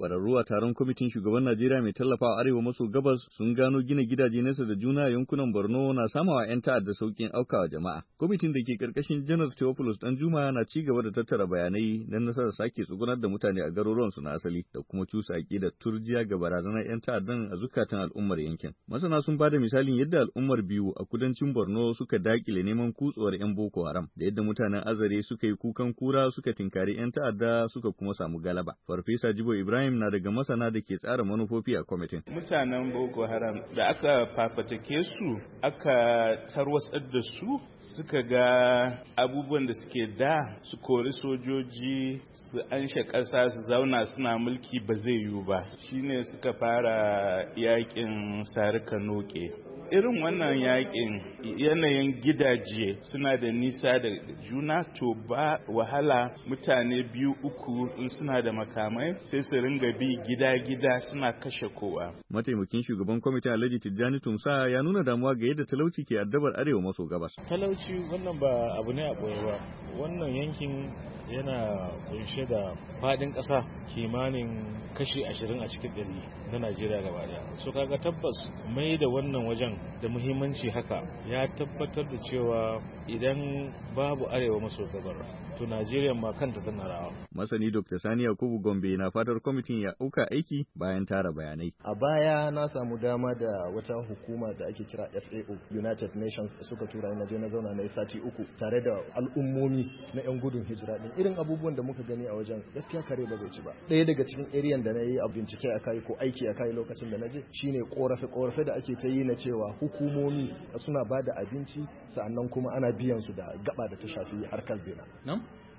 kwararru a taron kwamitin shugaban Najeriya mai tallafa arewa maso gabas sun gano gina gidaje nesa da juna a yankunan Borno na samawa 'yan ta'adda sauƙin aukawa jama'a. Kwamitin da ke ƙarƙashin Janar Theophilus Juma na ci gaba da tattara bayanai don nasarar sake tsugunar da mutane a garuruwan su na asali da kuma cusa da turjiya ga barazanar 'yan ta'addan a zukatan al'ummar yankin. Masana sun bada misalin yadda al'ummar biyu a kudancin Borno suka dakile neman kutsuwar 'yan Boko Haram da yadda mutanen Azare suka yi kukan kura suka tinkari 'yan ta'adda suka kuma samu galaba. Farfesa Jibo Ibrahim Ibrahim na daga masana da ke tsara manufofi a kwamitin. Mutanen Boko Haram da aka fafatake su aka tarwatsar da su suka ga abubuwan da suke da su kori sojoji su anshe ƙasa su zauna suna mulki ba zai yiwu ba shi ne suka fara yakin sarika noke irin wannan yakin yanayin gidaje suna da nisa da juna to ba wahala mutane biyu uku in suna da makamai sai su ringa bi gida-gida suna kashe kowa. Mataimakin shugaban kwamitin Alhaji Tijjani Tumsa ya nuna damuwa ga yadda talauci ke addabar arewa maso gabas. Talauci wannan ba abu ne a ba. Wannan yankin yana kunshe da fadin ƙasa kimanin kashi ashirin a cikin ɗari na najeriya gaba daya so kaga tabbas mai da wannan wajen da muhimmanci haka ya tabbatar da cewa idan babu arewa maso gabar to najeriya ma kanta tana rawa masani dr sani yakubu gombe na fatar kwamitin ya uka aiki bayan tara bayanai a baya na samu dama da wata hukuma da ake kira fao united nations suka tura na je na zauna na sati uku tare da al'ummomi na 'yan gudun hijira din irin abubuwan da muka gani a wajen gaskiya kare ba zai ci ba ɗaya daga cikin iriyan da na yi a bincike a kai ko aiki a kai lokacin da na je shine korafe korafe da ake ta yi na cewa hukumomi suna ba da abinci sa'annan kuma ana biyan su da gaba da ta shafi harkar zina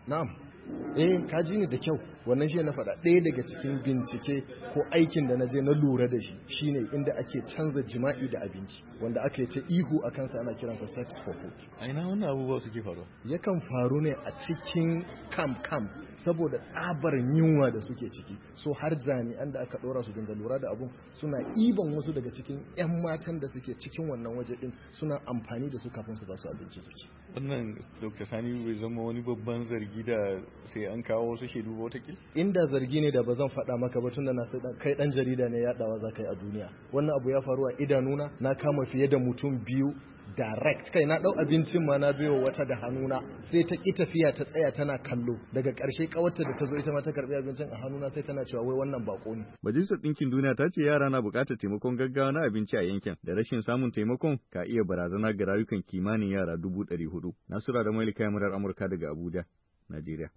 na'am eh ka ji ni da kyau wannan shi na faɗa ɗaya daga cikin bincike ko aikin da na je na lura da shi shine inda ake canza jima'i da abinci wanda aka yi ta ihu a kansa ana kiransa sex for food aina wannan abubuwa suke faruwa yakan faru ne a cikin kam-kam saboda tsabar yunwa da suke ciki so har jami'an da aka ɗora su dinga lura da abun suna iban wasu daga cikin 'yan matan da suke cikin wannan waje din suna amfani da su kafin su ba su abinci su ci wannan dr sani bai zama wani babban zargi da sai an kawo wasu shaidu ba watakil inda zargi ne da ba zan faɗa maka ba tun da na sai kai dan jarida ne yaɗawa za ka yi a duniya wannan abu ya faru a idanuna na kama fiye da mutum biyu direct kai na ɗau abincin ma na biyo wata da hannuna sai ta ki tafiya ta tsaya tana kallo daga ƙarshe kawarta da ta zo ita ma ta karbi abincin a hannuna sai tana cewa wai wannan bako ne majalisar ɗinkin duniya ta ce yara na buƙatar taimakon gaggawa na abinci a yankin da rashin samun taimakon ka iya barazana ga rayukan kimanin yara dubu ɗari hudu nasura da mailika murar amurka daga abuja najeriya